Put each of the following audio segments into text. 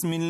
بسم الله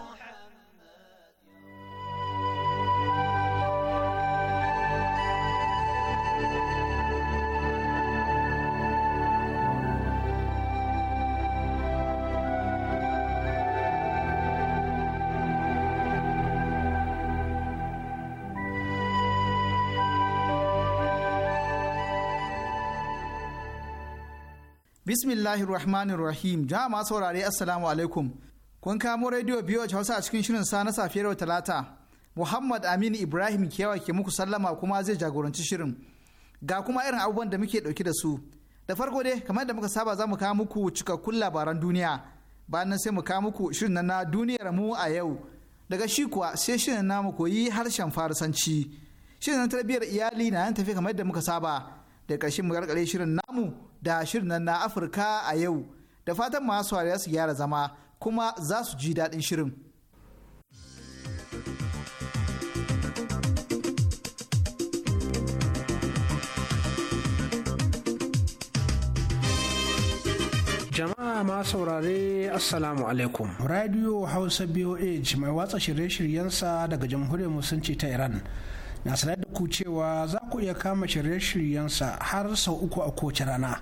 Bismillahir Rahmanir Rahim. Jama'a saurare Assalamu alaikum. Kun kamo rediyo biyu Hausa a cikin shirin sa na safiyar Talata. Muhammad Aminu Ibrahim kewa ke muku sallama kuma zai jagoranci shirin. Ga kuma irin abubuwan da muke dauke da su. Da farko dai kamar da muka saba za mu kawo muku cikakkun labaran duniya. Bayan nan sai mu kawo muku shirin na duniyar mu a yau. Daga shi kuwa sai shirin namu koyi harshen Farisanci. Shirin na tarbiyyar iyali na yan tafi kamar da muka saba. Da ƙarshen mu karkare shirin namu da shirin na Afirka a yau da fatan masu su gyara zama kuma za su ji daɗin shirin. jama'a ma saurare assalamu alaikum radio hausa boh mai watsa shirye-shiryensa daga jamhuriyar musulunci ta iran na sanar da ku cewa za ku iya kama shirye-shiryensa har sau uku a kowace rana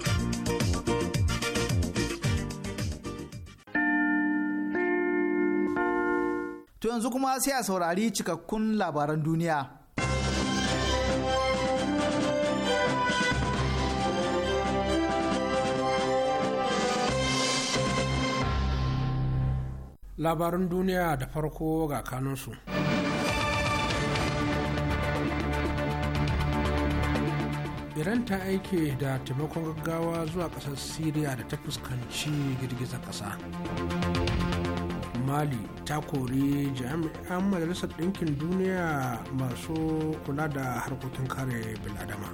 To yanzu kuma sai a saurari cikakkun labaran duniya. Labaran duniya da farko ga kanunsu. Iran ta aike da taimakon gaggawa zuwa ƙasar Siriya da ta fuskanci girgizar ƙasa. mali ta kori jami'an majalisar ɗinkin duniya masu kula da harkokin kare biladama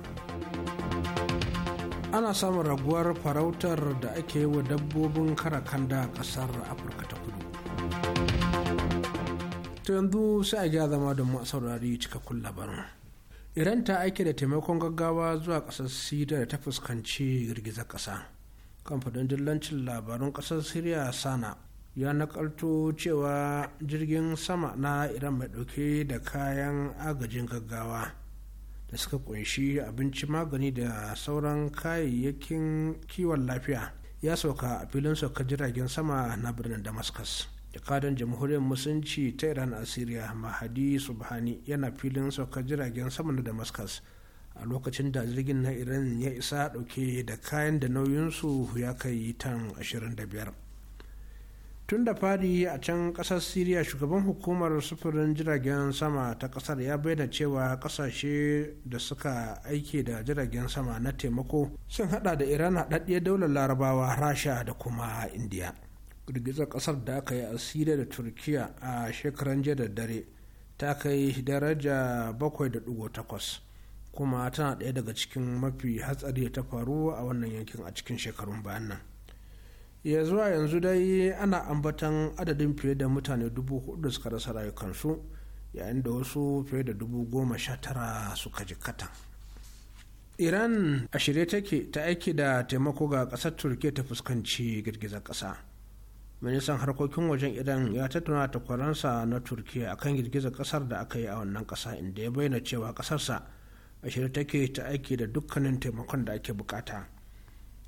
ana samun raguwar farautar da ake yi wa dabbobin karakanda a ƙasar afirka ta kudu ta yanzu sai a ja zama da mu saurari cikakkun labarin iran ta aiki da taimakon gaggawa zuwa ƙasar siriya da ta fuskanci girgizar ƙasa kamfanin dillancin labarun ƙasar siriya sana ya nakalto cewa jirgin sama na iran mai ɗauke da kayan agajin gaggawa da suka kunshi abinci magani da sauran kayayyakin kiwon lafiya ya sauka a filin sauka jiragen sama na birnin damascus jakadan jamhuriyar musulunci ta iran a mahadi subhani yana filin sauka jiragen sama na damascus a lokacin da jirgin na iran ya isa dauke da kayan da nauyinsu ya kai tan 25 tun da fari a can kasar syria shugaban hukumar sufurin jiragen sama ta kasar ya bayyana cewa kasashe da suka aike da jiragen sama na taimako sun hada da iran haɗaɗɗiyar daular larabawa rasha da kuma indiya girgizar kasar da aka yi a syria da turkiya a shekaran jiya da dare ta kai daraja 7.8 kuma tana ɗaya daga cikin mafi hatsari da ta faru a wannan yankin a cikin shekarun bayan nan ya zuwa yanzu dai ana ambatan adadin fiye da mutane dubu hudu suka rasa rayukansu yayin da wasu fiye da dubu goma sha tara suka jikata iran a shirye take ta aiki da taimako ga ƙasar turkiya ta fuskanci girgizar ƙasa ministan harkokin wajen iran ya tattauna takwaransa na turkiya akan girgizar ƙasar da aka yi a wannan ƙasa inda ya bayyana cewa ƙasarsa a shirye take ta aiki da dukkanin taimakon da ake bukata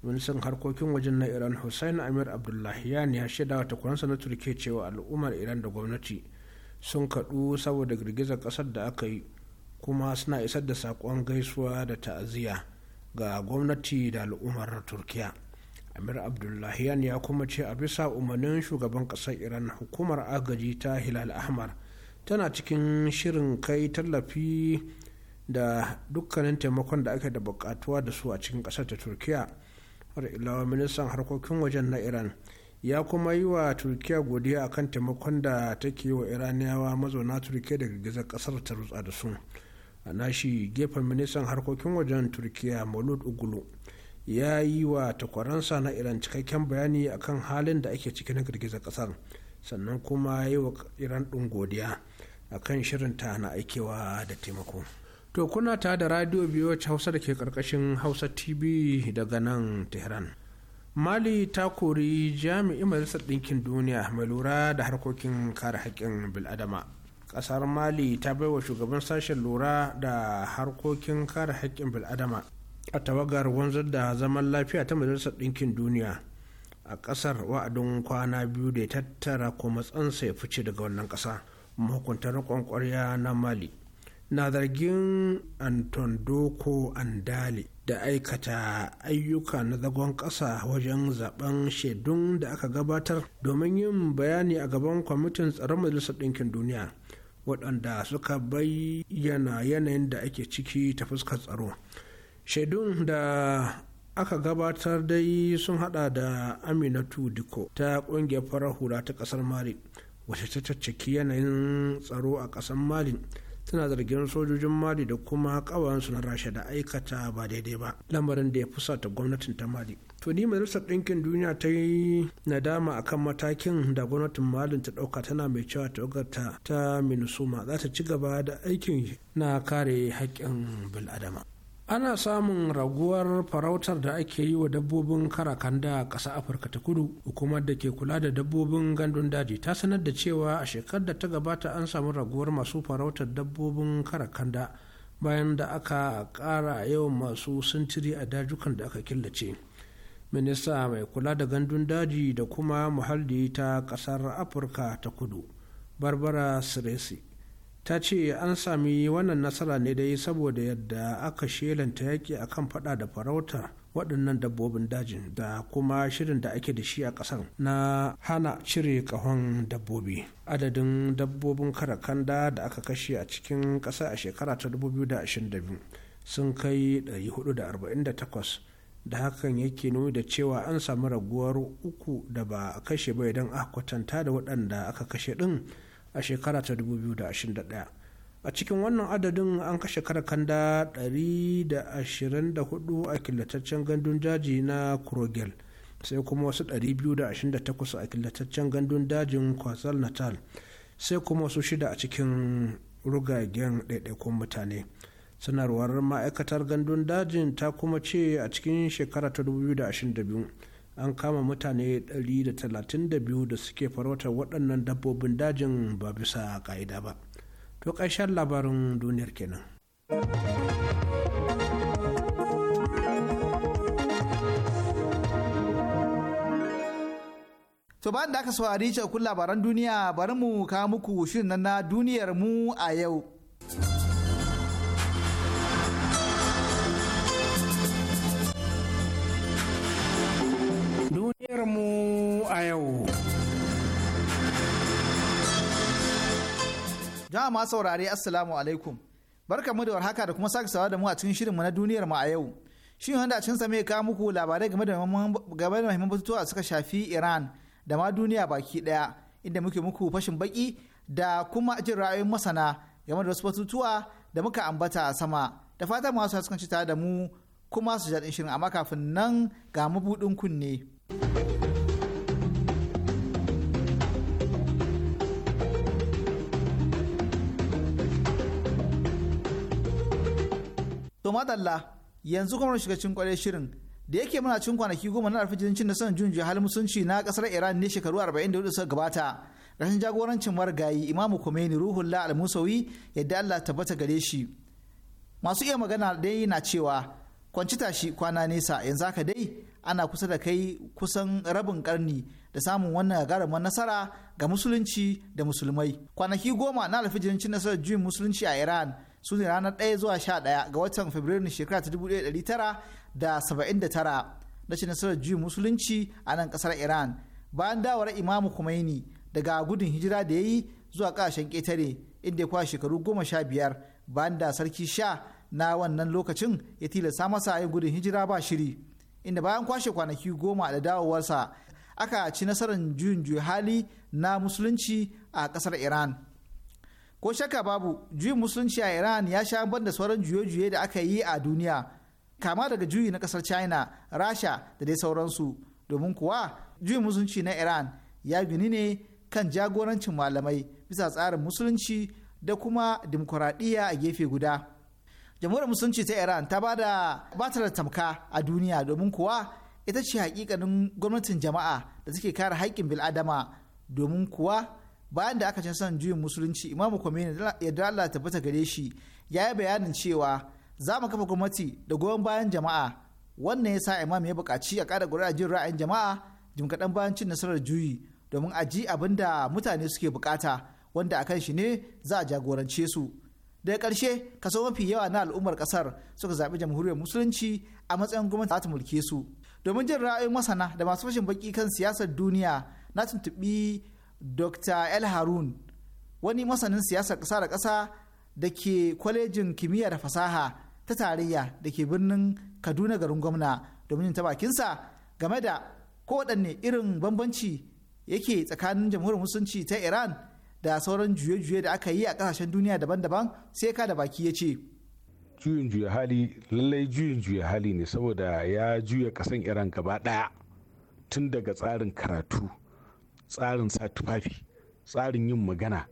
ministan harkokin wajen na iran hussein amir yan ya shaida wa takwaransa na turke cewa al'ummar iran da gwamnati sun kaɗu saboda girgizar ƙasar da aka yi kuma suna isar da saƙon gaisuwa da ta'aziyya ga gwamnati da al'ummar turkiya amir yan ya kuma ce a bisa umarnin shugaban ƙasar iran hukumar agaji ta hilal ahmar tana cikin shirin kai tallafi da dukkanin taimakon da ake da buƙatuwa da su a cikin ƙasar ta turkiya lawan ilawa ministan harkokin wajen na iran ya kuma yi wa turkiya godiya akan taimakon da take wa iraniyawa mazauna turkiya da girgizar kasar ta rutsa da su a nashi gefen ministan harkokin wajen turkiya maulud ugulu ya yi wa takwaransa na iran cikakken bayani akan halin da ake ciki na girgizar kasar sannan kuma yi wa iran din godiya akan shirinta na aikewa da taimako. To kuna ta da radio BOH Hausa da ke karkashin Hausa TV daga nan Tehran. Mali ta kori jami'in Majalisar Ɗinkin Duniya mai lura da harkokin kare haƙƙin bil'adama. Ƙasar Mali ta baiwa shugaban sashen lura da harkokin kare haƙƙin bil'adama a tawagar wanzar da zaman lafiya ta Majalisar Ɗinkin Duniya a ƙasar wa'adin kwana biyu da ya tattara kuma tsansa ya fice daga wannan ƙasa mahukuntar riƙon na Mali. na zargin anton doko andale da aikata ayyuka na zagon ƙasa wajen zaben shaidun da aka gabatar domin yin bayani a gaban kwamitin tsaron majalisar ɗinkin duniya waɗanda suka bayyana yanayin da ake ciki ta fuskar tsaro shaidun da aka gabatar dai sun hada da aminatu diko ta ƙungiyar farar hula ta ƙasar mali wacce ta cikin yanayin tsaro a ƙasar mali suna zargin sojojin mali da kuma kawansu na rasha da aikata ba daidai ba lamarin da ya fusata gwamnatin ta mali to ni majalisar ɗinkin duniya ta yi nadama akan matakin da gwamnatin mali ta ɗauka tana mai cewa tawagarta ta minusuma za ta ci gaba da aikin na kare haƙƙin bil'adama ana samun raguwar farautar da ake yi wa dabbobin karakanda a ƙasa afirka ta kudu hukumar da ke kula da dabbobin gandun daji ta sanar da cewa a shekarar da ta gabata an samu raguwar masu farautar dabbobin karakanda bayan da aka ƙara yawan masu sintiri a dajukan da aka killace minista mai kula da gandun daji da kuma muhalli ta ƙasar afirka ta kudu barbara siresi ta ce an sami wannan nasara ne dai saboda yadda aka shelanta yaƙi a kan faɗa da farauta waɗannan dabbobin dajin da kuma shirin da ake da shi a ƙasar na hana cire ƙahon dabbobi adadin dabbobin karakanda da aka kashe a cikin ƙasa a shekara ta 2022 sun kai 448 da hakan yake nuni da cewa an samu raguwar uku da ba a kashe ba idan aka kwatanta da waɗanda aka kashe ɗin a shekara ta 2021 a cikin wannan adadin an kashe da 124 a killataccen gandun daji na krogel sai kuma wasu 228 a killataccen gandun dajin kwazal natal sai kuma wasu shida a cikin rugagen ɗaiɗaikun mutane sanarwar ma'aikatar gandun dajin ta kuma ce a cikin shekara ta 2022 an kama mutane 132 da suke farautar waɗannan dabbobin dajin ba bisa ƙa'ida ba to ƙarshen labarin duniyar kenan to bayan da aka saurari cikakkun labaran duniya bari mu kawo muku shirin na duniyar mu a yau ma saurare assalamu alaikum barka mu da warhaka da kuma sake sawa da mu a cikin shirin mu na duniyar mu a yau shin wanda a cikin sa mai kawo muku labarai game da game da muhimman batutuwa suka shafi Iran da ma duniya baki daya inda muke muku fashin baki da kuma jin ra'ayoyin masana game da wasu batutuwa da muka ambata a sama da fatan masu sukan ci da mu kuma su jaɗin shirin amma kafin nan ga mabuɗin kunne. to madalla yanzu kuma shiga cikin kwarai shirin da yake muna cikin kwanaki goma na arfijin cin nasarar jun halin musulunci na kasar iran ne shekaru 44 suka gabata rashin jagorancin margayi imamu khomeini ruhullah al-musawi yadda allah tabbata gare shi masu iya magana dai na cewa kwanci tashi kwana nesa yanzu haka dai ana kusa da kai kusan rabin karni da samun wannan gagarumar nasara ga musulunci da musulmai kwanaki goma na alfijin cin nasarar juyin musulunci a iran su ne ranar 1 zuwa 11 ga watan fabrairu shekara ta 1979 na cin nasarar juyin musulunci a nan kasar iran bayan dawar imamu kumaini daga gudun hijira da ya yi zuwa kasashen ketare inda ya kwa shekaru goma sha biyar bayan da sarki sha na wannan lokacin ya tilasta masa yin gudun hijira ba shiri inda bayan kwashe kwanaki goma da dawowarsa aka ci nasarar juyin juyi hali na musulunci a kasar iran ko shakka babu juyin musulunci a iran ya sha ban da sauran juye-juye da aka yi a duniya kama daga juyi na kasar china rasha da dai sauransu domin kuwa juyin musulunci na iran ya gini ne kan jagorancin malamai bisa tsarin musulunci da kuma dimokuraɗiyya a gefe guda jamhuriyar musulunci ta iran ta ba da batar da tamka a duniya domin kuwa ita ce hakikanin gwamnatin jama'a da take kare haƙƙin bil'adama domin kuwa bayan da aka ci son juyin musulunci imamu kwamini ya dala tabbata gare shi ya yi bayanin cewa za mu kafa gwamnati da goyon bayan jama'a wannan ya sa imam ya buƙaci a ƙara gura jin ra'ayin jama'a jim kaɗan bayan cin nasarar juyi domin a ji abin da mutane suke buƙata wanda a kan shi ne za a jagorance su daga ƙarshe kaso mafi yawa na al'ummar ƙasar suka zaɓi jamhuriyar musulunci a matsayin gwamnati za ta mulke su domin jin ra'ayin masana da masu fashin baƙi kan siyasar duniya na tuntuɓi dr el harun wani masanin siyasar ƙasa da ƙasa da ke kwalejin kimiyya da fasaha ta tarayya da ke birnin kaduna garin gwamna domin ta bakinsa game da kowaɗanne irin bambanci yake tsakanin jamhuriyar musulunci ta iran da sauran juye-juye da aka yi a ƙasashen duniya daban-daban sai ka da baki ya ce juyin juya hali lallai juyin juya hali ne saboda ya juya ƙasan iran gaba ɗaya tun daga tsarin karatu tsarin sa tufafi tsarin yin magana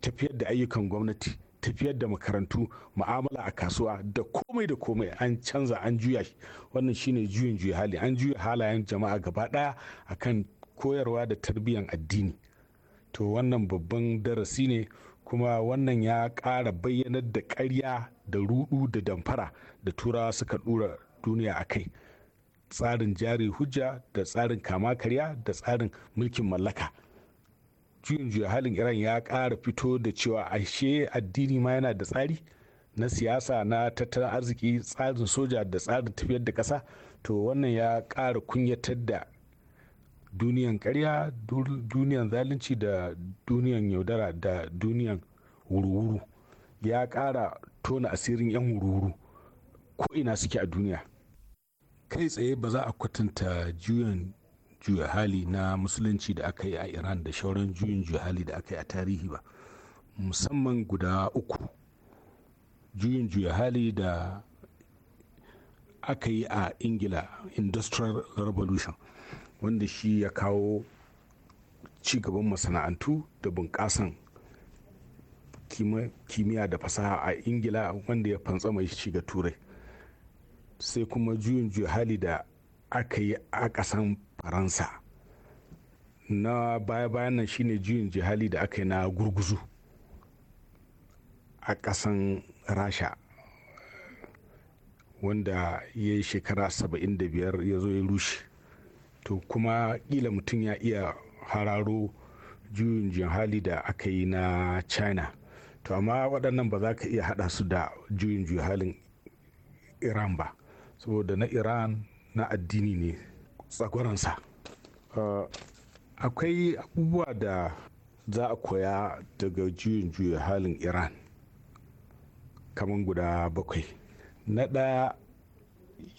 tafiyar da ayyukan gwamnati tafiyar da makarantu ma'amala a kasuwa da komai da komai an canza an juya shi wannan shine juyin juya hali an juya halayen jama'a gaba daya akan koyarwa da tarbiyyar addini to wannan babban darasi ne kuma wannan ya kara bayyanar da karya da rudu da damfara da turawa suka dura duniya a kai tsarin jari hujja da tsarin kama karya da tsarin mulkin mallaka juyin juya halin iran ya ƙara fito da cewa ashe addini ma yana da tsari na siyasa na tattalin arziki tsarin soja da tsarin tafiyar da ƙasa to wannan ya ƙara kunyatar da duniyan karya duniyan zalunci da duniyan yaudara da duniyan wuru ya ƙara tona asirin 'yan wuru-wuru ko ina suke a duniya kai tsaye ba za a kwatanta juyin juya hali na musulunci da aka yi a iran da shauran juyin juya hali da aka yi a tarihi ba musamman guda uku juyin juya hali da aka yi a ingila industrial revolution wanda shi ya kawo cigaban masana'antu da bunƙasan kimiyya da fasaha a ingila wanda ya fantsama shi ga turai sai kuma juyin juya hali da aka yi a ƙasan faransa na baya-bayan nan shine juyin jihali da aka yi na gurguzu a ƙasan rasha wanda ya yi shekara 75 ya zo ya rushe to kuma ƙila mutum ya iya hararo juyin jihali da aka yi na china to amma waɗannan ba za ka iya haɗa su da juyin halin iran ba saboda na iran na addini ne tsagoransa ah, akwai abubuwa da za a koya daga juyin juya halin iran kamar guda bakwai na ɗaya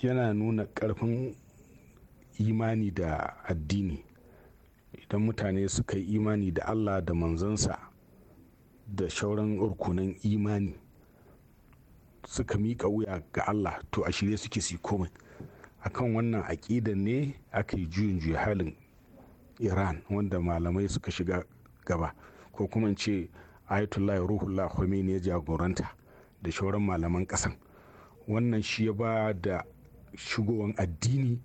yana nuna ƙarfin imani da addini idan mutane suka yi imani da allah da manzansa da shauran rukunan imani suka mika wuya ga Allah to a shirye suke su komai akan wannan aƙidan ne aka yi juyin juya halin iran wanda malamai suka shiga gaba ko kuma ce ayatollah ruhullah khomeini ya jagoranta da shauran malaman ƙasan wannan shi ya ba da shigowan addini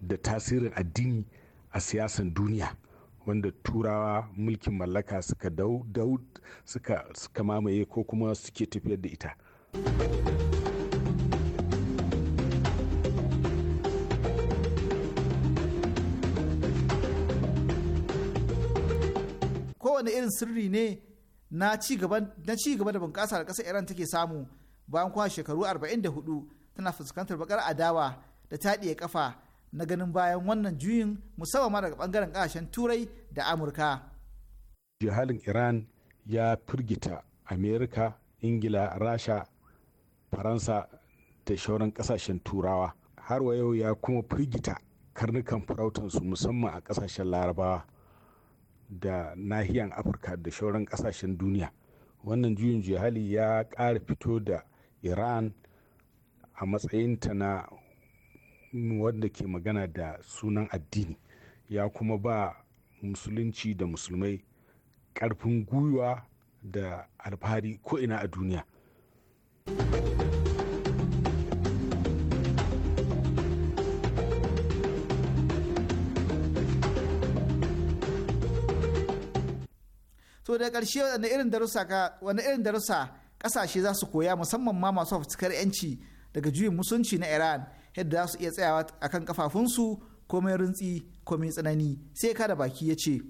da tasirin addini a siyasan duniya wanda turawa mulkin mallaka suka suka mamaye ko kuma suke tafiyar da ita kowane irin sirri ne na ci gaba da bunƙasa da ƙasar iran take samu bayan kuma shekaru 44 tana fuskantar bakar adawa da taɗiye ƙafa na ganin bayan wannan juyin musamman daga ɓangaren ƙasashen turai da amurka jihalin iran ya firgita amerika ingila rasha faransa da shauran kasashen turawa har wa yau ya kuma firgita karnukan farautansu musamman a kasashen larabawa da nahiyan afirka da shauran kasashen duniya wannan juyin juya hali ya ƙara fito da iran a matsayinta na wadda ke magana da sunan addini ya kuma ba musulunci da musulmai ƙarfin gwiwa da alfahari ko'ina a duniya. so da karshe wani irin darussa ka wani irin darussa ƙasashe za su koya musamman ma masu fuskar yanci daga juyin musunci na Iran yadda za su iya tsayawa akan kafafunsu mai rintsi ko mai tsanani sai kada baki ya ce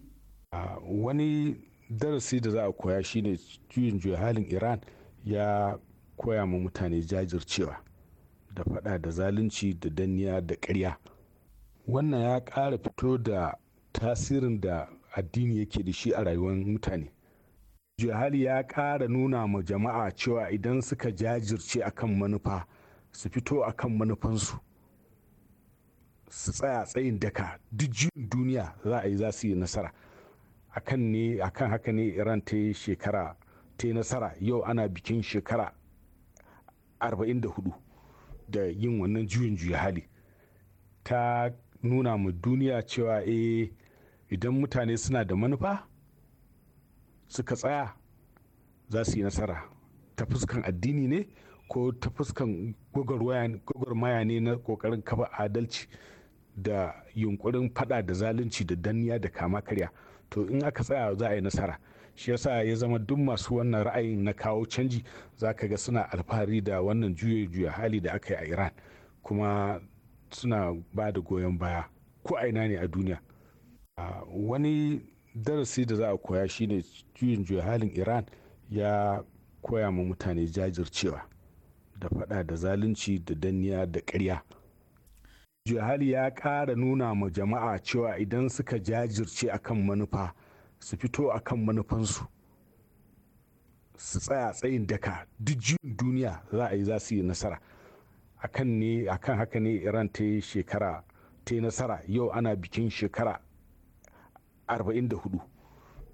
wani darasi da za a koya shine juyin juya halin Iran ya koya ma mutane jajircewa da fada da zalunci da danniya da ƙarya wannan ya ƙara fito da tasirin da addini yake da shi a rayuwar mutane jihali ya ƙara nuna ma jama'a cewa idan suka jajirce akan manufa su fito akan manufansu su tsaya tsayin daka duk juyin duniya za a yi za su yi nasara akan ne akan haka ne iran ta yi shekara ta yi nasara yau ana bikin shekara 44 da yin wannan juyin juya hali ta nuna ma duniya cewa eh idan mutane suna da manufa suka tsaya za su yi nasara ta fuskan addini ne ko ta fuskan gwagwarmaya ne na kokarin kafa adalci da yunkurin fada da zalunci da danniya da kama karya to in aka tsaya za a yi nasara shi yasa ya zama duk masu wannan ra'ayin na kawo canji za ka ga suna alfahari da wannan juya juya hali da aka yi a iran kuma suna ba da goyon baya ko aina ne a duniya wani darasi da za a koya shine juyin juya halin iran ya koya ma mutane jajircewa da fada da zalunci da danniya da ƙarya juya hali ya ƙara nuna ma jama'a cewa idan suka jajirce akan manufa su fito akan manufansu su tsaya tsayin daka duk juyin duniya za a yi za su yi nasara akan haka ne iran ta yi shekara ta yi nasara yau ana bikin shekara 44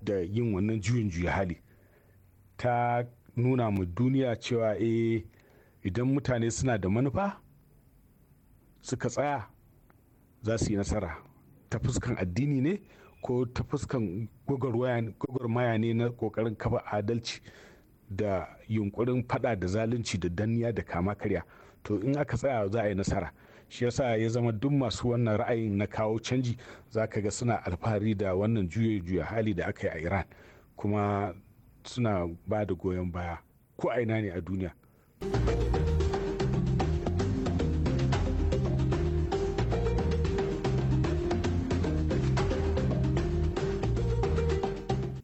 da yin wannan juyin juya hali ta nuna mu duniya cewa eh idan mutane suna da manufa suka tsaya za su yi nasara ta fuskan addini ne ko ta fuskan gwagwarmaya ne na kokarin kafa adalci da yunkurin fada da zalunci da danniya da kama karya to in aka tsaya za a yi nasara shi yasa ya zama duk masu wannan ra'ayin na kawo canji za ka ga suna alfahari da wannan juya juya hali da aka yi a iran kuma suna ba da goyon baya ko a ina ne a duniya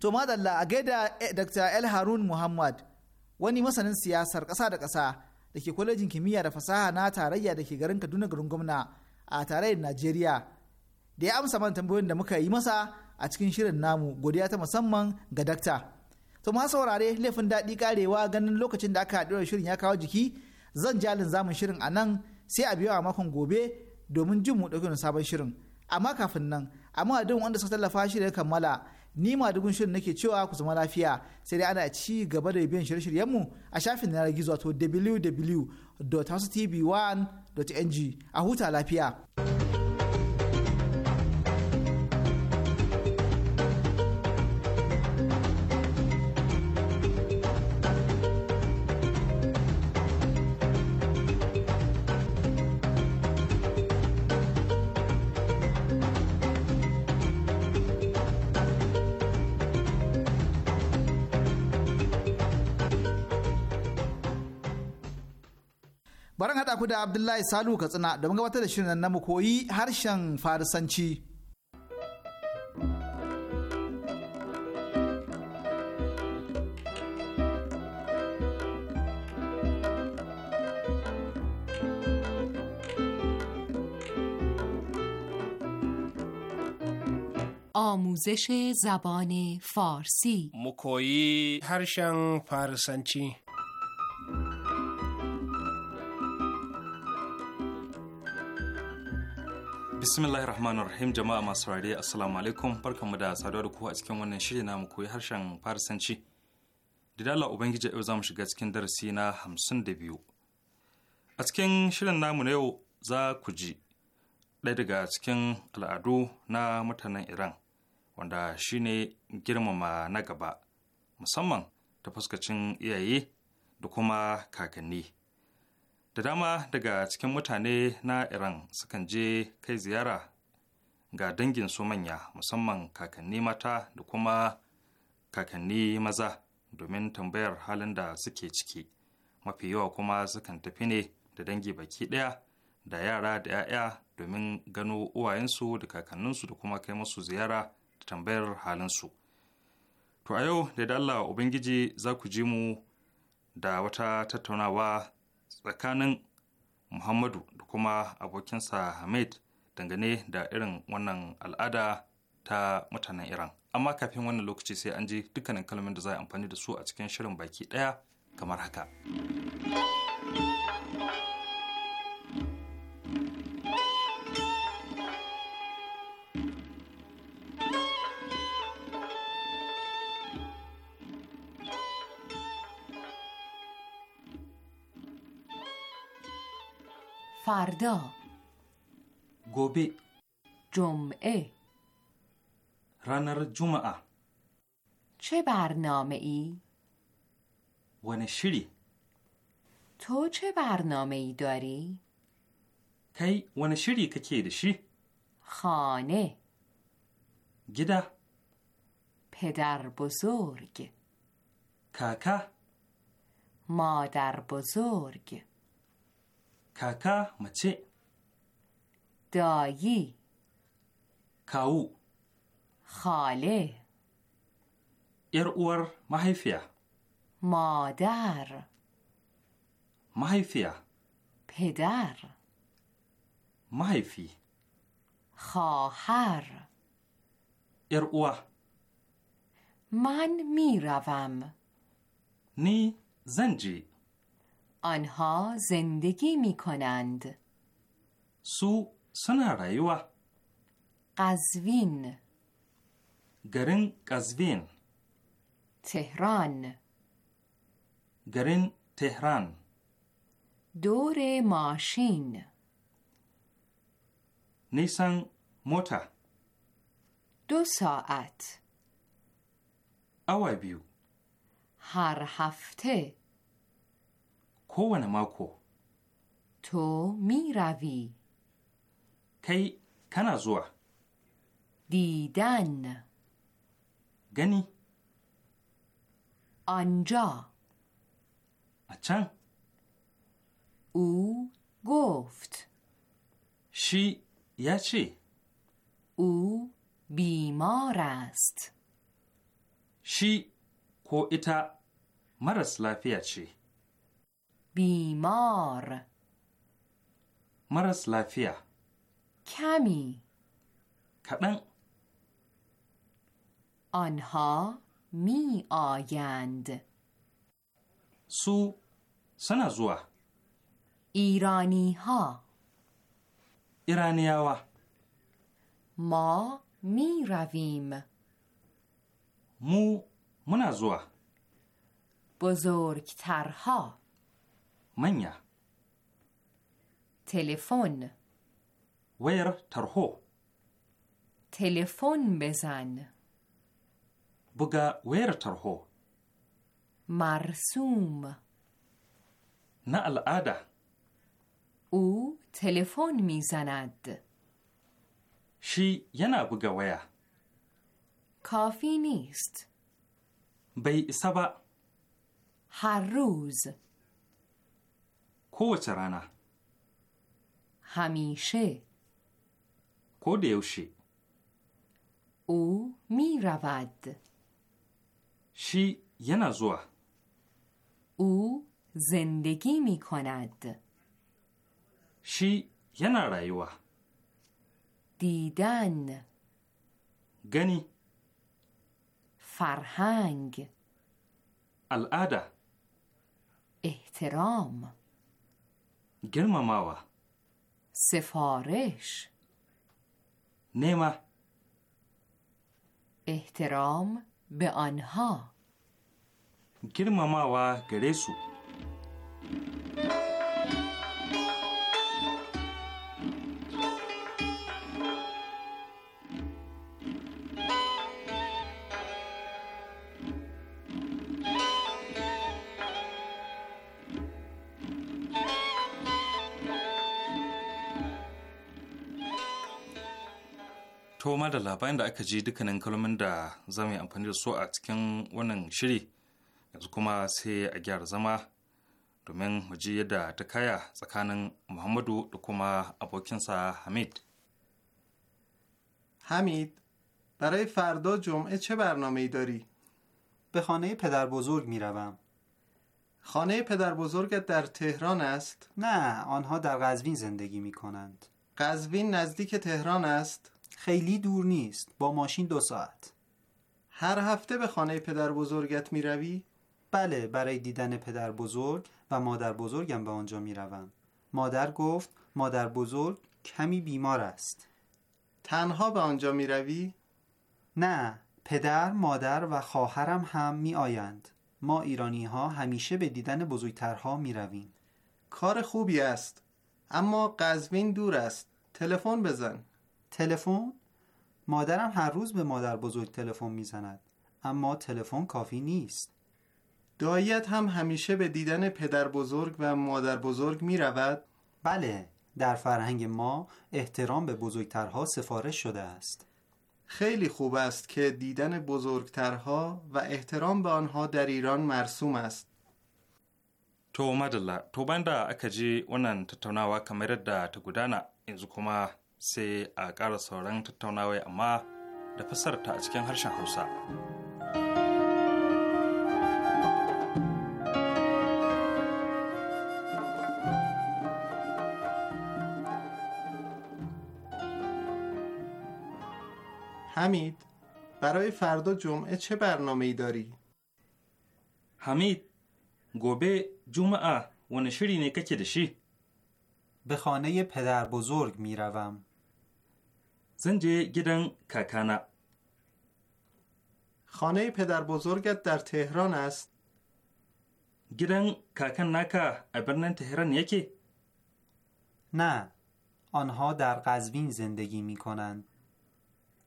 To madalla a gaida eh, Dr. El Harun Muhammad wani masanin siyasar kasa da kasa. da ke kwalejin kimiyya da fasaha na tarayya da ke garin kaduna garin gwamna a tarayyar najeriya da ya amsa man tambayoyin da muka yi masa a cikin shirin namu godiya ta musamman ga dakta to ma saurare laifin daɗi karewa ganin lokacin da aka haɗu shirin ya kawo jiki zan jalin zamun shirin a nan sai a biyo a makon gobe domin jin mu ɗauki sabon shirin amma kafin nan amma duk wanda suka tallafa shirin ya kammala ni ma dugun shirin nake cewa ku zama lafiya sai dai ana ci gaba da biyan shirye-shiryenmu a shafin yanar gizo wato www.housetv1.ng a huta lafiya. Baran hada ku da Abdullahi Salu Katsina don gabatar da shirin na mu harshen Farisanci. آموزش زبان فارسی مکویی هرشن فارسنچی bismillahir rahmanir jama'a masu rari assalamu alaikum barkanmu da saduwa da kowa a cikin wannan shiri mu koyi harshen farisanci didala ubangiji yau za mu shiga cikin darasi na hamsin da biyu a cikin shirin namu na yau za ku ji ɗaya daga cikin al'adu na mutanen iran wanda shine girmama na gaba musamman ta fuskacin iyaye da kuma kakanni da dama daga cikin mutane na iran sukan je kai ziyara ga dangin su manya musamman kakanni mata da kuma kakanni maza domin tambayar halin da suke ciki mafi yawa kuma sukan tafi ne da dangi baki ɗaya da yara da 'ya'ya domin gano uwayensu da kakanninsu da kuma kai musu ziyara da tambayar halinsu to a yau da Allah ubangiji za ku ji mu da wata tattaunawa tsakanin muhammadu da kuma abokinsa hamid dangane da irin wannan al'ada ta mutanen iran amma kafin wannan lokaci sai an ji dukkanin kalmomin da za a amfani da su a cikin shirin baki ɗaya kamar haka. فردا گوبه جمعه رانر جمعه چه برنامه ای؟ ونشری تو چه برنامه ای داری؟ کی ونشری که کیدشی؟ خانه گدا؟ پدر بزرگ کاکا مادر بزرگ kaka mace dayi kawu khale uwar mahaifiya madar mahaifiya Fedar. mahaifi خواهر اروا من Ni zan je. آنها زندگی می کنند سو سنا رایوه قزوین گرین قزوین تهران گرین تهران دور ماشین نیسان موتا دو ساعت اوای بیو هر هفته kowane mako. To mi Kai kana zuwa. Didan. Gani. Anjo. A can. U goft. Shi ya ce. U bimarast. Shi ko ita maras lafiya ce. بیمار مرس لافیه کمی کمن آنها می آیند سو سنا زوا ایرانی ها ایرانی ها ما می رویم مو منا زوا بزرگترها manya تلفن وير ترهو تلفن بزن بگا وير ترهو مرسوم نه العاده او تلفن میزند شی ینا بگا ویا کافی نیست بی سبا هر روز کو همیشه کو دیو شی او میرود شی ینا زووه او زندگی میکند شی ینا رایوه دیدن گنی فرهنگ العاده احترام girmamawa سفارش nema احترام به آنها girmamawa gare su da labarin da aka ji dukkanin kalmomin da za mu yi amfani da su a cikin wannan shiri yanzu kuma sai a gyara zama domin mu ji yadda ta kaya tsakanin muhammadu da kuma abokinsa hamid hamid برای فردا جمعه چه برنامه ای داری؟ به خانه پدر بزرگ می روم. خانه پدر بزرگت در تهران است؟ نه آنها در قزوین زندگی می کنند قزوین نزدیک تهران است؟ خیلی دور نیست با ماشین دو ساعت هر هفته به خانه پدر بزرگت می روی؟ بله برای دیدن پدر بزرگ و مادر بزرگم به آنجا می روم. مادر گفت مادر بزرگ کمی بیمار است تنها به آنجا می روی؟ نه پدر، مادر و خواهرم هم می آیند ما ایرانی ها همیشه به دیدن بزرگترها می رویم کار خوبی است اما قزوین دور است تلفن بزن تلفن مادرم هر روز به مادر بزرگ تلفن میزند اما تلفن کافی نیست داییت هم همیشه به دیدن پدر بزرگ و مادر بزرگ می رود؟ بله در فرهنگ ما احترام به بزرگترها سفارش شده است خیلی خوب است که دیدن بزرگترها و احترام به آنها در ایران مرسوم است تو مدلا تو بنده اکجی ونن تتوناوا کمیرد دا تگودانا این کما sai a ƙara sauran tattaunawa amma da fasarta a cikin harshen hausa حمید برای فردا جمعه چه برنامه ای داری؟ حمید گوبه جمعه و نشری نکه که دشی؟ به خانه پدر بزرگ می روم. زن گیدن کاکانا خانه پدر بزرگت در تهران است. گیدن کاکانا که ابرنن تهران یکی نه. آنها در قزوین زندگی می کنند.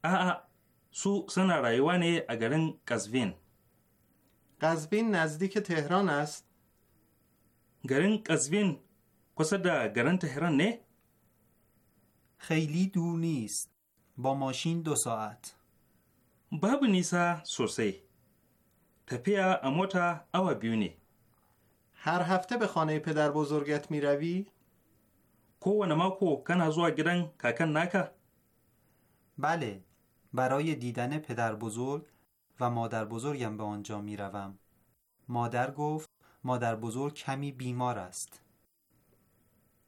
آه سو سنا رایوانی اگرن قزوین. قزوین نزدیک تهران است. گرن قزوین kusa گرن تهران نه خیلی دور نیست. با ماشین دو ساعت باب نیسا سوسی تپیا اموتا او بیونی هر هفته به خانه پدر بزرگت می روی؟ نما کو کن زوا گیدن ککن نکه؟ بله برای دیدن پدر بزرگ و مادر بزرگم به آنجا می روم. مادر گفت مادر بزرگ کمی بیمار است.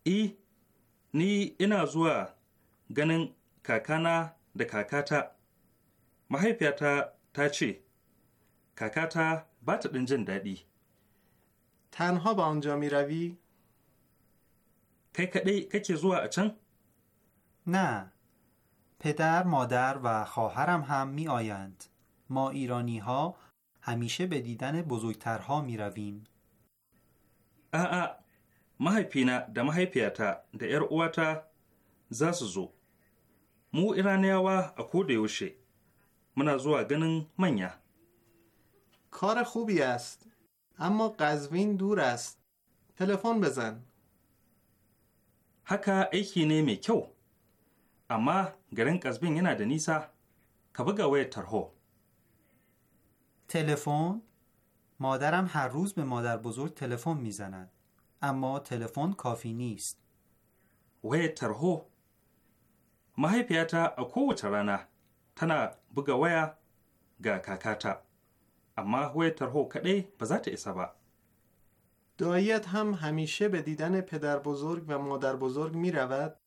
ای نی این زوا گنن kakana da kakata mahaifiyata ta ce kakata ba ta ɗin jin daɗi تنها به آنجا می روی؟ کی کدی کچه زوا اچن؟ نه پدر، مادر و خواهرم هم می آیند ما ایرانی ها همیشه به دیدن بزرگترها می رویم آآ. آ پینا ده مهیپیتا ده ار اواتا زو mu iraniyawa a koda yaushe muna zuwa ganin manya کار خوبی است اما قزوین دور است تلفن بزن haka aiki ne mai kyau amma garin kasbin yana da nisa ka buga wayar tarho تلفن مادرم هر روز به مادر بزرگ تلفن میزند اما تلفن کافی نیست وی ترهو mahaifiyata a kowace rana tana buga waya ga kakata اما وی هو کدی به ذات اسبا دایت هم همیشه به دیدن پدر بزرگ و مادر بزرگ می رود؟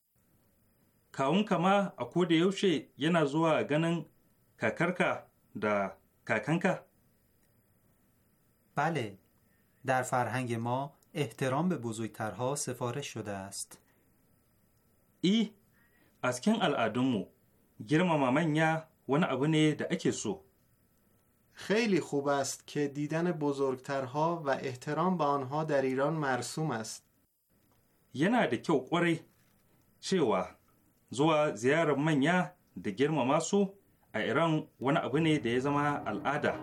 کاون کما اکو دا یوشه ینا زوا گنن کاکرکا دا کاکنکا بله در فرهنگ ما احترام به بزرگترها سفارش شده است ای A cikin al'adunmu, girmama manya wani abu ne da ake so. خیلی خوب است که دیدن بزرگترها و احترام به آنها در ایران yana da kyau kwarai cewa zuwa ziyarar manya da girmama su a Iran wani abu ne da ya zama al'ada.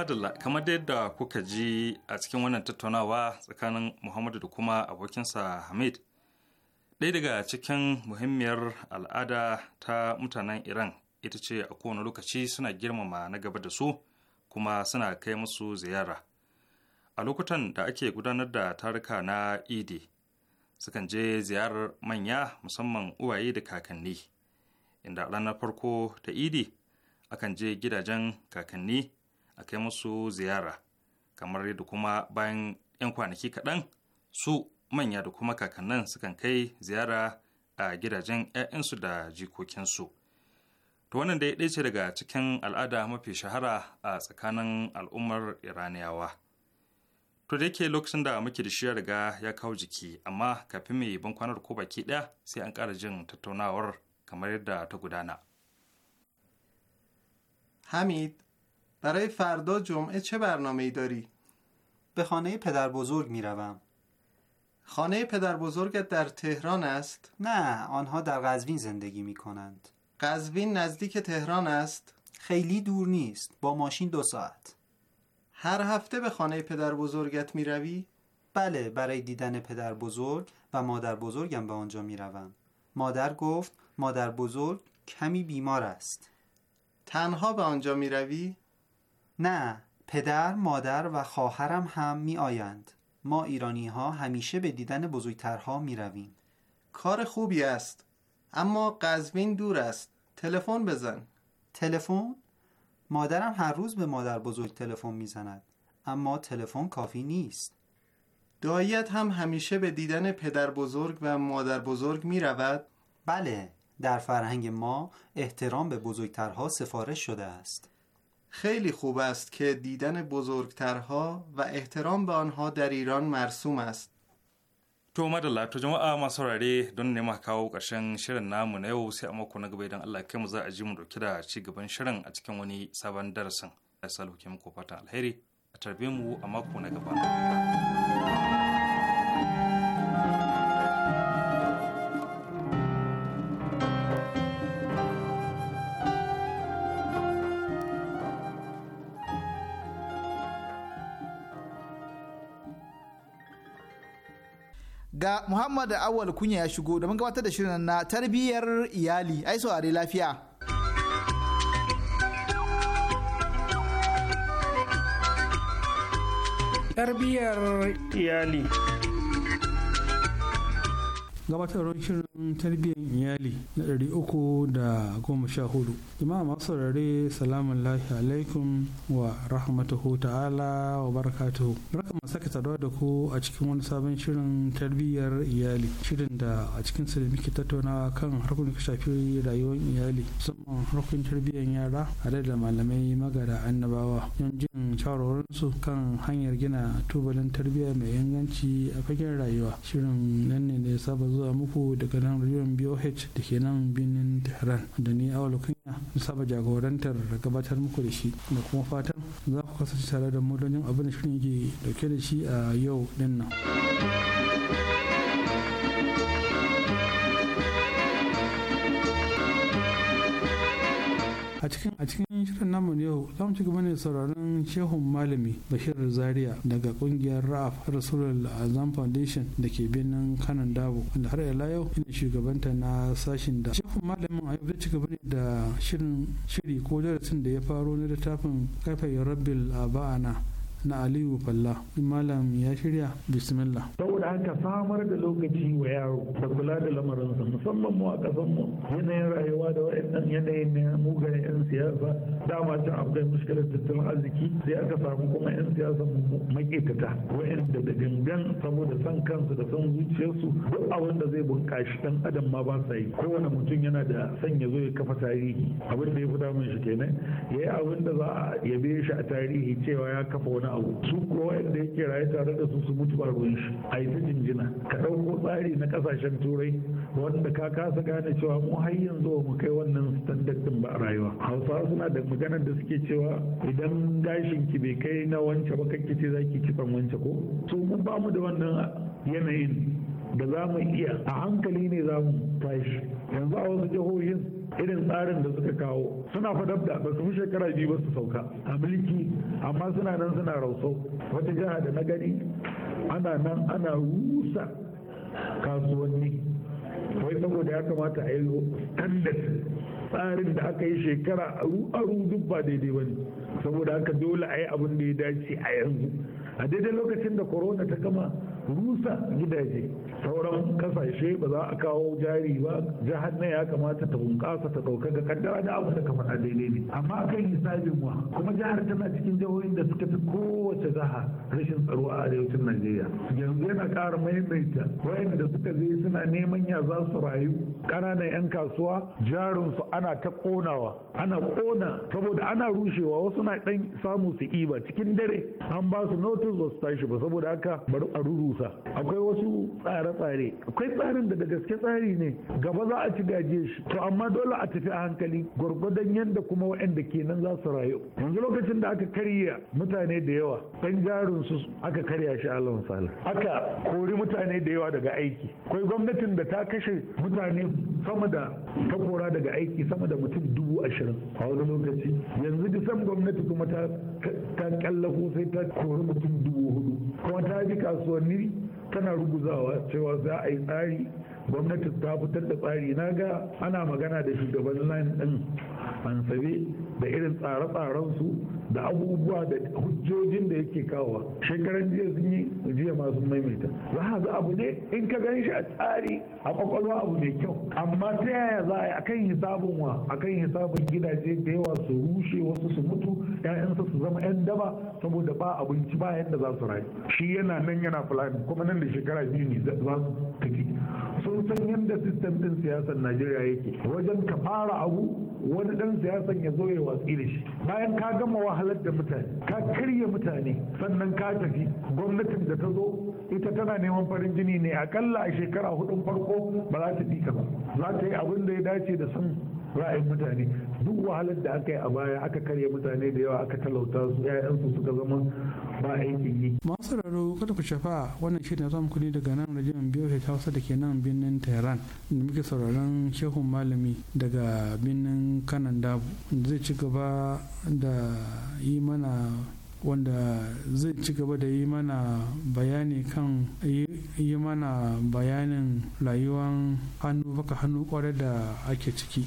madalla kamar yadda kuka ji a cikin wannan tattaunawa tsakanin muhammadu da kuma abokinsa hamid ɗaya daga cikin muhimmiyar al'ada ta mutanen iran ita ce a kowane lokaci suna girmama na gaba da su kuma suna kai musu ziyara a lokutan da ake gudanar da taruka na idi sukan je ziyarar manya musamman uwaye da kakanni inda ranar farko ta idi akan je gidajen kakanni a kai musu ziyara kamar yadda kuma bayan 'yan kwanaki kaɗan su manya da kuma kakannin sukan kai ziyara a gidajen 'ya'yansu da jikokinsu to wannan da ya ce daga cikin al'ada mafi shahara a tsakanin al'ummar iraniyawa to da yake lokacin da muke da shi ya riga ya kawo jiki amma kafin mai ban kwanar ko baki ɗaya sai an ƙara jin tattaunawar kamar yadda ta gudana hamid برای فردا جمعه چه برنامه ای داری؟ به خانه پدر بزرگ می روم. خانه پدر بزرگت در تهران است؟ نه آنها در قزوین زندگی می کنند قزوین نزدیک تهران است؟ خیلی دور نیست با ماشین دو ساعت هر هفته به خانه پدر بزرگت می روی؟ بله برای دیدن پدر بزرگ و مادر بزرگم به آنجا می روم. مادر گفت مادر بزرگ کمی بیمار است تنها به آنجا می روی؟ نه پدر مادر و خواهرم هم می آیند ما ایرانی ها همیشه به دیدن بزرگترها می رویم کار خوبی است اما قزوین دور است تلفن بزن تلفن مادرم هر روز به مادر بزرگ تلفن زند. اما تلفن کافی نیست داییت هم همیشه به دیدن پدر بزرگ و مادر بزرگ می رود؟ بله در فرهنگ ما احترام به بزرگترها سفارش شده است خیلی خوب است که دیدن بزرگترها و احترام به آنها در ایران مرسوم است. To madalla to jama'a masu don nema kawo ƙarshen shirin namu na yau sai a mako na gaba idan Allah mu za a ji mu dauki da cigaban shirin a cikin wani sabon darasin. Ya saluke muku fatan alheri a tarbe mu a mako na gaba. da Muhammad Awal Kunya ya shigo da mun gabatar da shirin na tarbiyyar iyali. Ai saurare lafiya. Tarbiyyar iyali. Gabatar shirin tarbiyyar iyali na ɗari uku da goma sha hudu jama'a masu saurare salamun lahi alaikum wa rahmatuhu ta'ala wa barakatuhu barka masu saka saduwa da ku a cikin wani sabon shirin tarbiyyar iyali shirin da a cikin su da muke tattauna kan harkokin da shafi rayuwar iyali musamman harkokin tarbiyyar yara a da malamai magada annabawa don jin shawarwarinsu kan hanyar gina tubalin tarbiyya mai inganci a fagen rayuwa shirin nan ne da ya saba zuwa muku daga gidan rediyon boh da ke nan birnin tehran da ni awal kunya na saba jagorantar da gabatar muku da shi da kuma fatan za ku kasance tare da mu don yin abin da shirin yake dauke da shi a yau din nan. a cikin a cikin shirin namu yau za mu ci gaba ne sauraron shehun malami bashir zaria daga kungiyar ra'af rasulul azam foundation da ke birnin kanan dabo da har yala yau ina shugabanta na sashin da shehun malamin a yau zai ci gaba ne da shirin shiri ko darasin da ya faro na littafin kafa rabbil aba'ana na aliyu falla malam ya shirya bismillah saboda haka samar da lokaci wa yaro da kula da lamarinsa musamman mu a kasanmu. yanayin rayuwa da waɗannan yanayin na mugayen 'yan siyasa dama can akwai muskilar tattalin arziki sai aka samu kuma 'yan siyasa maƙetata. waɗanda da gangan saboda son kansu da son zuciyarsu duk abin da zai bunƙashi ɗan adam ma ba sa yi kowane mutum yana da son ya zo ya kafa tarihi abin da ya fi damun shi kenan ya yi abin da za a yabe shi a tarihi cewa ya kafa wani abu su kuwa waɗanda yake raye tare da su su mutu ba ruwan shi ta jinjina ka ɗauko tsari na ƙasashen turai wanda ka kasa gane cewa mu har yanzu mu kai wannan standard din ba a rayuwa hausawa suna da maganar da suke cewa idan gashin ki bai kai na wance ba kake ce zaki kitsan wance ko so mu ba mu da wannan yanayin da za mu iya a hankali ne za mu tashi yanzu a wasu jihohin irin tsarin da suka kawo suna fadab da ba su fi shekara biyu ba su sauka a mulki amma suna nan suna rausau wata jiha da na gani ana nan ana rusa kasuwanni wai saboda ya kamata a yi standard tsarin da aka yi shekara ruaru duk ba daidai ba ne saboda haka dole a yi abin da ya dace a yanzu a daidai lokacin da corona ta kama rusa gidaje sauran kasashe ba za a kawo jari ba jihar na ya kamata ta bunƙasa ta ga kaddara da abu da kamar daidai ne amma kan hisabin wa kuma jihar tana cikin jihohin da suka fi kowace jiha rashin tsaro a arewacin najeriya yanzu yana ƙara maimaita wayanda suka je suna neman ya za su rayu ƙananan 'yan kasuwa jarinsu ana ta ƙonawa ana ƙona saboda ana rushewa wasu na ɗan samu su iba cikin dare an ba su notice ba su tashi ba saboda haka bari a rurusa akwai wasu tsare tsare-tsare akwai tsarin da da gaske tsari ne gaba za a ci gaje shi to amma dole a tafi a hankali gwargwadon yadda kuma waɗanda kenan za su rayu yanzu lokacin da aka karya mutane da yawa ɗan jarin su aka karya shi Allah misali aka kori mutane da yawa daga aiki akwai gwamnatin da ta kashe mutane sama da ta kora daga aiki sama da mutum dubu ashirin a wani lokaci yanzu disan gwamnati kuma ta kallafo sai ta kori mutum dubu hudu kuma ta ji kasuwanni tana ruguzawa cewa za a yi tsari gwamnati ta fitar da tsari na ga ana magana da shugaban line din ansabe da irin tsare su da abubuwa da hujjojin da yake kawo shekaran jiya sun yi jiya masu maimaita za a ga abu ne in ka gan shi a tsari a kwakwalwa abu mai kyau amma ta yaya za a yi akan hisabin wa akan hisabin gidaje da yawa su rushe wasu su mutu 'ya'yansa su zama 'yan daba saboda ba abinci ba yadda za su rayu shi yana nan yana fulani kuma nan da shekara biyu ne za su tafi sun san yadda sistem ɗin siyasar najeriya yake wajen ka fara abu wani ɗan siyasan ya zo ya watsi da shi bayan ka gama wahalar da mutane ka karya mutane sannan ka tafi gwamnatin da ta zo ita tana neman farin jini ne akalla a shekara hudun farko ba za ta fi ka ba za ta yi abin da ya dace da san ra'ayin mutane duk wahalar da aka yi a baya aka karya mutane da yawa aka talauta su ƴaƴansu suka zama ba aikin yi. masu raro kada ku shafa wannan shirin zamu kudi daga nan rajin biyu ta hausa da ke nan birnin tehran da muke sauraron shehun malami daga birnin kanan dabu zai ci gaba da yi mana wanda zai ci gaba da yi mana bayani kan yi mana bayanin rayuwan hannu baka hannu kwarai da ake ciki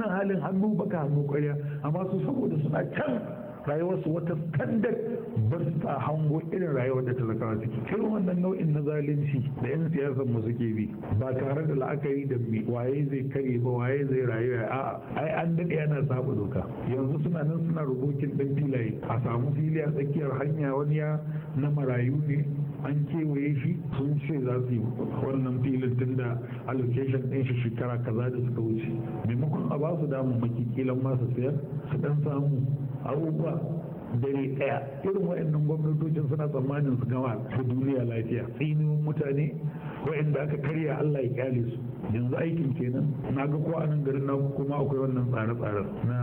wannan halin hannu baka hannu karya amma su saboda suna can rayuwarsu wata standard ba su ta hango irin rayuwar da talakawa suke kai wannan nau'in na zalunci da yan siyasar mu suke bi ba tare da la'akari da me waye zai kare ba waye zai rayu a ai an daɗe yana saba doka yanzu suna nan suna rubokin dan filaye a samu fili a tsakiyar hanya wani ya na marayu ne an kewaye shi sun ce za su yi wannan filin tun da allocation ɗin shi shekara kaza da suka wuce maimakon a ba su damun makikilan masu sayar su ɗan samu abubuwa dare ɗaya irin waɗannan gwamnatocin suna tsammanin su gama ta duniya lafiya tsinin mutane waɗanda aka karya Allah ya kyale su yanzu aikin kenan na ga ko anan garin na kuma akwai wannan tsare-tsaren na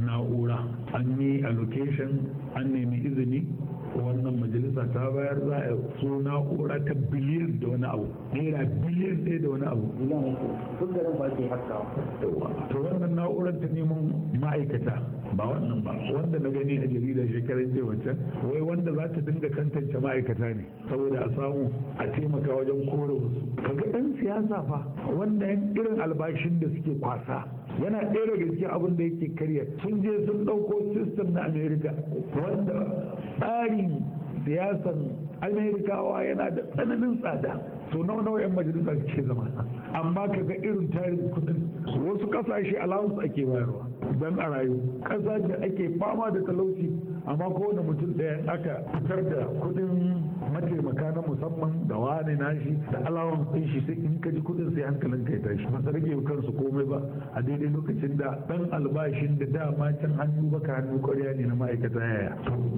na'ura an yi allocation an nemi izini wannan majalisa ta bayar za a so na'ura ta biliyan da wani abu naira biliyan ɗaya da wani abu to wannan na'urar ta neman ma'aikata ba wannan ba wanda na gani a jarida shekaran ce wancan wai wanda za ta dinga tantance ma'aikata ne saboda a samu a taimaka wajen kore wasu kaga ɗan siyasa fa wanda irin albashin da suke kwasa yana ɗaya daga cikin abin da yake karya sun je sun ɗauko sistem na Amerika. wanda tsarin siyasan amerikawa yana da tsananin tsada to nawa nawa yan majalisa ke zama amma ka ga irin tarin kudin wasu kasashe allowance ake bayarwa don a rayu ƙasa da ake fama da talauci amma kowane mutum ɗaya aka fitar da kuɗin mataimaka na musamman da wani nashi da alawan ɗin shi sai in ka ji kuɗin sai hankalin ka ya tashi ba su rage kansu komai ba a daidai lokacin da ɗan albashin da dama can hannu baka hannu ƙwarya ne na ma'aikata yaya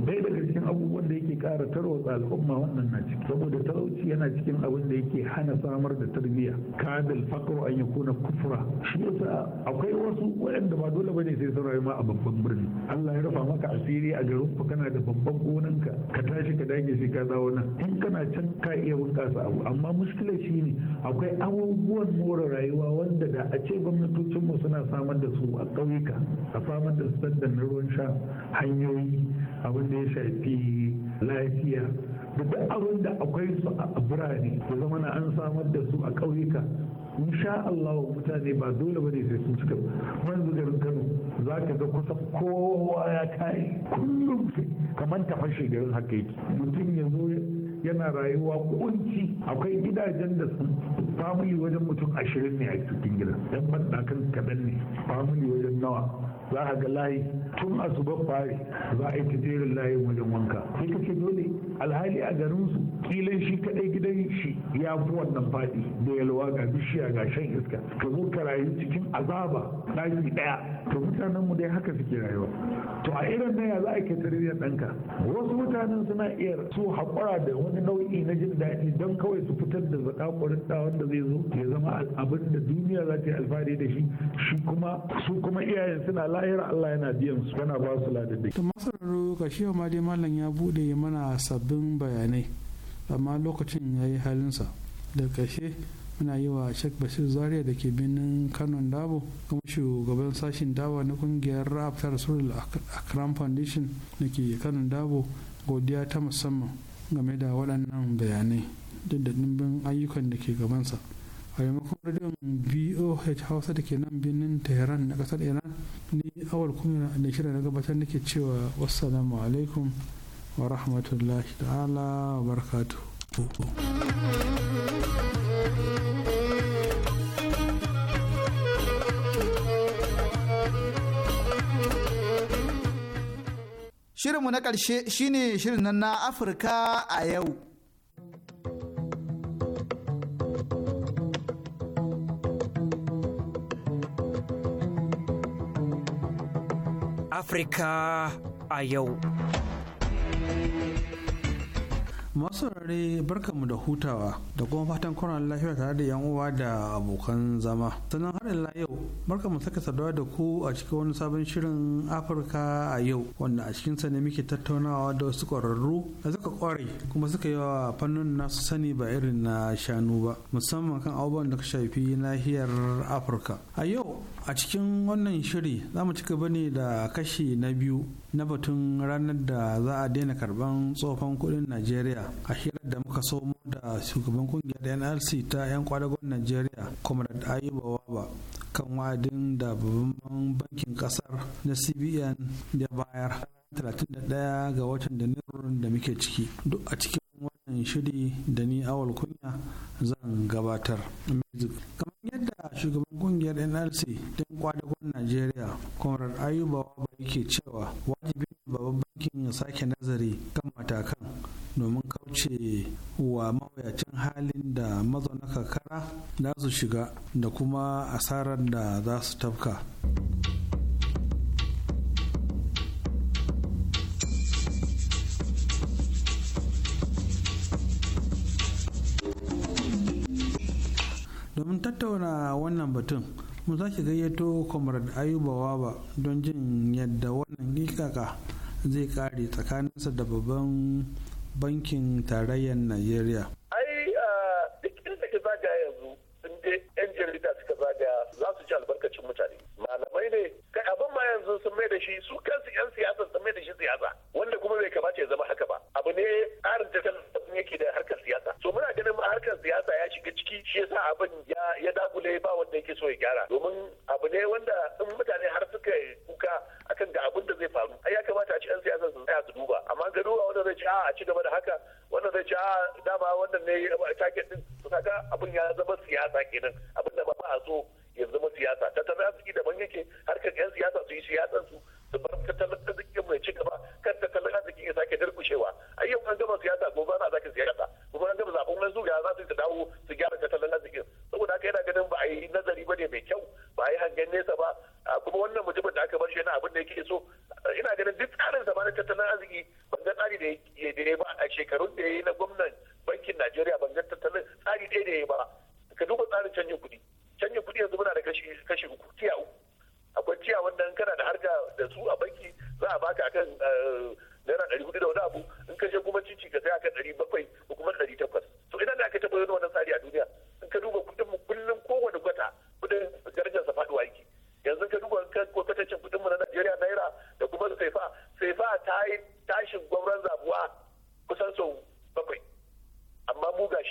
ɗaya daga cikin abubuwan da yake ƙara tarwatsa al'umma wannan na ciki saboda talauci yana cikin abin da yake hana samar da tarbiyya kadal fakar an ya kuna kufra shi yasa akwai wasu waɗanda ba dole ne sai sun rayu ma a babban birni Allah ya rufa maka asiri a garin garin kana da babban gonan ka ka tashi ka dage sai ka dawo nan in kana can ka iya bunƙasa abu amma mushkilar shi ne akwai abubuwan more rayuwa wanda da a ce gwamnatocin mu suna samar da su a ƙauyuka a samar da sandan ruwan sha hanyoyi abin da ya shafi lafiya da duk abin da akwai su a birane da zama na an samar da su a ƙauyuka insha Allah mutane ba dole bane sai sun cika Man garin Kano za ka ga kusa kowa ya kai kullum kamar ta fashe garin haka yake mutum ya zo yana rayuwa kunci akwai gidajen da sun famili wajen mutum ashirin ne a cikin gidan yan bandakan kadan ne famili wajen nawa za a ga layi tun asuba fari za a yi tajerin layin wajen wanka sai ka ce dole alhali a garin su kilan shi kadai gidan shi ya fi wannan faɗi da yalwa ga bishiya ga shan iska ka zo ka rayu cikin azaba ɗaki ɗaya to mutanen mu dai haka suke rayuwa to a irin nan ya za a ke tarbiyyar ɗanka wasu mutanen suna iya su haƙura da wani nau'i na jin daɗi don kawai su fitar da zakakurin da wanda zai zo ya zama abin da duniya za ta yi alfahari da shi shi kuma su kuma iyayen suna lahira Allah yana biyan su kana ba su ladaddaki. to raro ga shi ma dai malam ya buɗe mana sabbin bayanai amma lokacin ya yi halinsa da kashe muna yi wa shek bashir zaria da ke birnin kanon dabo kuma shugaban sashen dawa na kungiyar rap ta rasul akram foundation da ke kanon dabo godiya ta musamman game da waɗannan bayanai duk da dimbin ayyukan da ke gabansa a yamakon rediyon boh hausa da ke nan binin tehran na ƙasar iran ni awal kuma da shirya na gabatar nake cewa wassalamu alaikum wa rahmatullahi ta'ala wa barakatuhu Shirinmu na ƙarshe shine shirin na Afirka a yau. Afirka a yau. masu barka barkanmu da hutawa da kuma fatan kwanan lafiya tare da yan uwa da abokan zama sannan harin la yau barkanmu saka saduwa da ku a cikin wani sabon shirin afirka a yau wanda a cikinsa ne muke tattaunawa da wasu kwararru da suka ƙware kuma suka yi wa fannin nasu sani ba irin na shanu ba musamman kan abubuwan da ka shafi nahiyar afirka a yau a cikin wannan shiri za mu ci gaba ne da kashi na biyu na batun ranar da za a daina karban tsofan kudin najeriya a hirar da muka somo da shugaban kungiyar NRC ta 'yan kwadagon najeriya comrade ayuba waba kan wa'adin da babban bankin kasar na cbn ya bayar 31 ga watan da da muke ciki duk a cikin wannan shiri da ni awal kunya zan gabatar kamar yadda shugaban kungiyar nlc don kwadagon najeriya comrade ayuba ba yake cewa wajibi ne babban bankin ya sake nazari kan matakan domin kauce wa mawuyacin halin da mazauna kakara za su shiga da kuma asarar da za su tafka batun mu ki gayyato comrade ayuba waba don jin yadda wannan gikaka zai kare tsakaninsa da babban bankin tarayyar nigeria ai duk inda ka zaga yanzu sun je yan jarida suka zaga za su ji albarkacin mutane malamai ne kai abin ma yanzu sun mai da shi su kan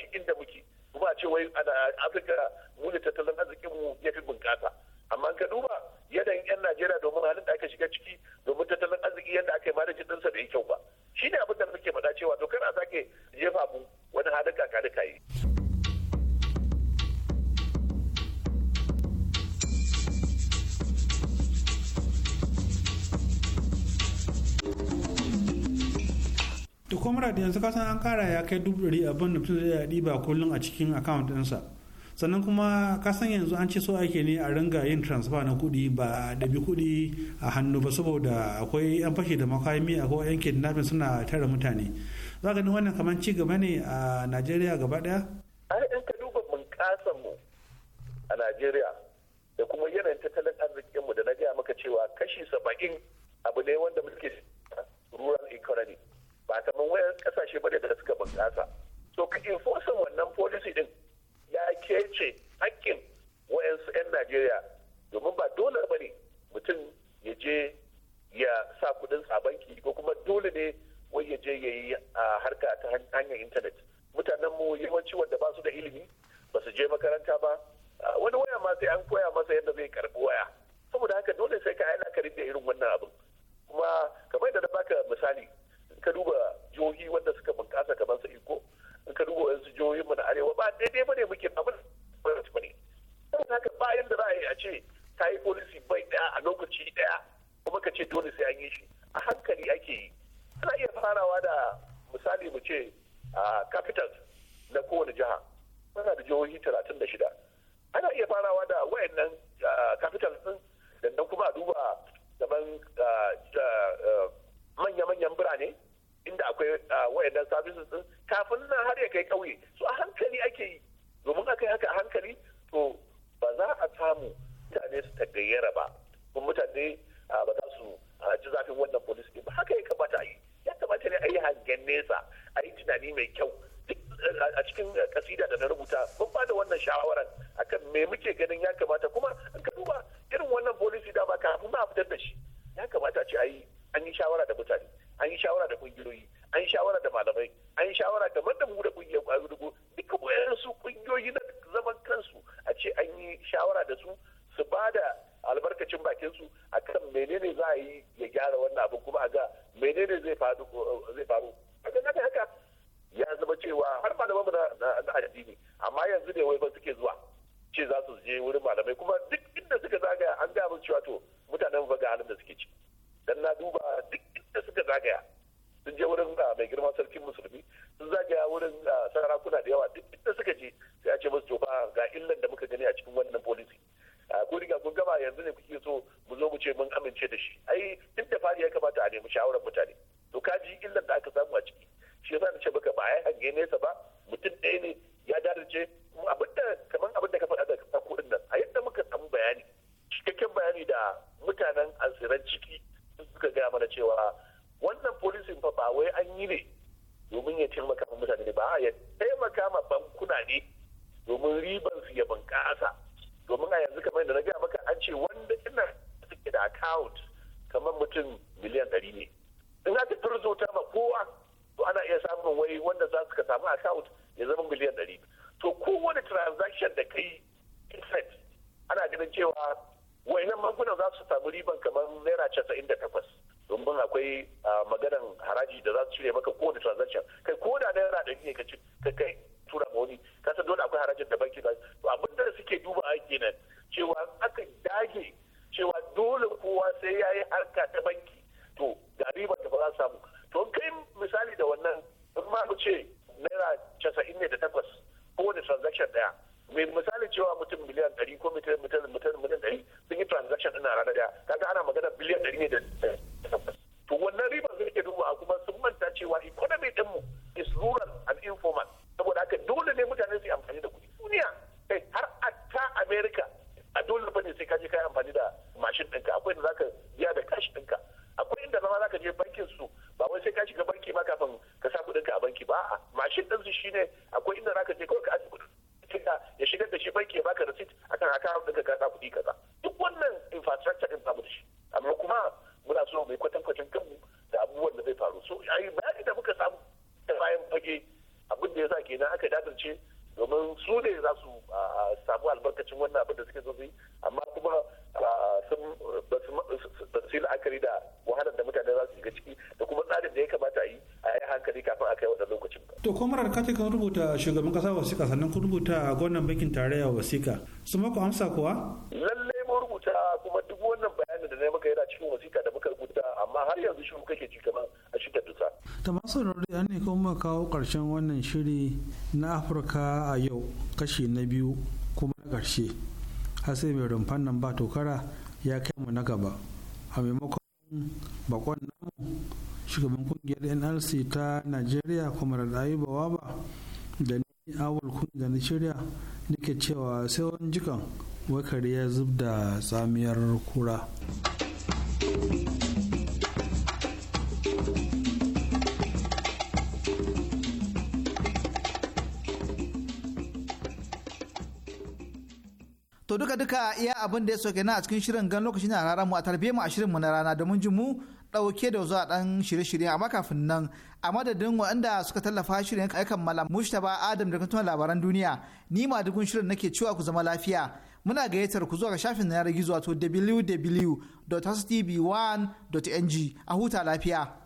shi inda muke kuma a ce wai ana afirka wuni tattalin arzikin mu ya fi bunƙasa amma ka duba yin yan najeriya domin halin da aka shiga ciki domin tattalin arziki yadda aka yi ma madajin ɗinsa da ya kyau ba shi ne abin da muke faɗa cewa to kar a sake jefa mu wani halin kaka da kayi. comrade yanzu kasan an kara ya kai dubu ɗari a da mutum zai ba kullum a cikin account ɗinsa sannan kuma kasan yanzu an ce so ake ne a ringa yin transfer na kuɗi ba a ɗabi kuɗi a hannu ba saboda akwai yan fashe da makami akwai yan kidnapping suna tara mutane za ka wannan kamar ci gaba ne a najeriya gaba ɗaya. ai in ka duba bunƙasar mu a najeriya da kuma yanayin tattalin arzikin mu da na gaya maka cewa kashi saba'in abu ne wanda muke rural economy ba kamar wayan kasashe ba da suka bunƙasa to ka enforce wannan policy din ya kece hakkin wayansu 'yan najeriya domin ba dole ba ne mutum ya je ya sa kudin a banki ko kuma dole ne wai ya je ya yi harka ta hanyar intanet mutanen mu yawanci wanda ba su da ilimi ba su je makaranta ba wani waya ma sai an koya masa yadda zai karbi waya saboda haka dole sai ka yi la'akari da irin wannan abin kuma kamar yadda na baka misali ka duba jihohi wanda suka bunƙasa kamar su iko ka duba wasu jihohin mu na arewa ba daidai bane muke abin ba ne haka bayan da za a yi a ce ka yi policy bai daya a lokaci daya kuma ka ce dole sai an yi shi a hankali ake yi ana iya farawa da misali mu ce a capitals na kowane jiha muna da jihohi talatin da shida ana iya farawa da wayannan capitals din koma south ya zama miliyan ɗari shugaban kasa wasiƙa sannan kun rubuta a gwamnan bankin tarayya wasika su maku amsa kuwa lallai mu rubuta kuma duk wannan bayanin da na maka yana cikin wasiƙa da muka rubuta amma har yanzu shi kake ci kamar a shida dusa. ta masu rauri an ne kuma kawo ƙarshen wannan shiri na afirka a yau kashi na biyu kuma na karshe har sai mai rumfan nan ba tokara ya kai mu na gaba a maimakon bakon namu shugaban kungiyar nlc ta najeriya kuma da ayuba waba da ni awal kun da na shirya nake cewa sai wani jikan wakari ya zub da tsamiyar kura to duka duka iya abin da ya soke na a cikin shirin gan lokacin na rana mu a tarbiyyar mu a shirin mu na rana domin jin mu ɗauke da zuwa ɗan shirye-shirye amma kafin nan a madadin waɗanda suka tallafa shirin ya kammala mushtaba adam da kantunan labaran duniya ni ma dugun shirin nake cewa ku zama lafiya muna gayyatar ku zuwa ga shafin na yanar gizo wato dot 1ng a huta lafiya.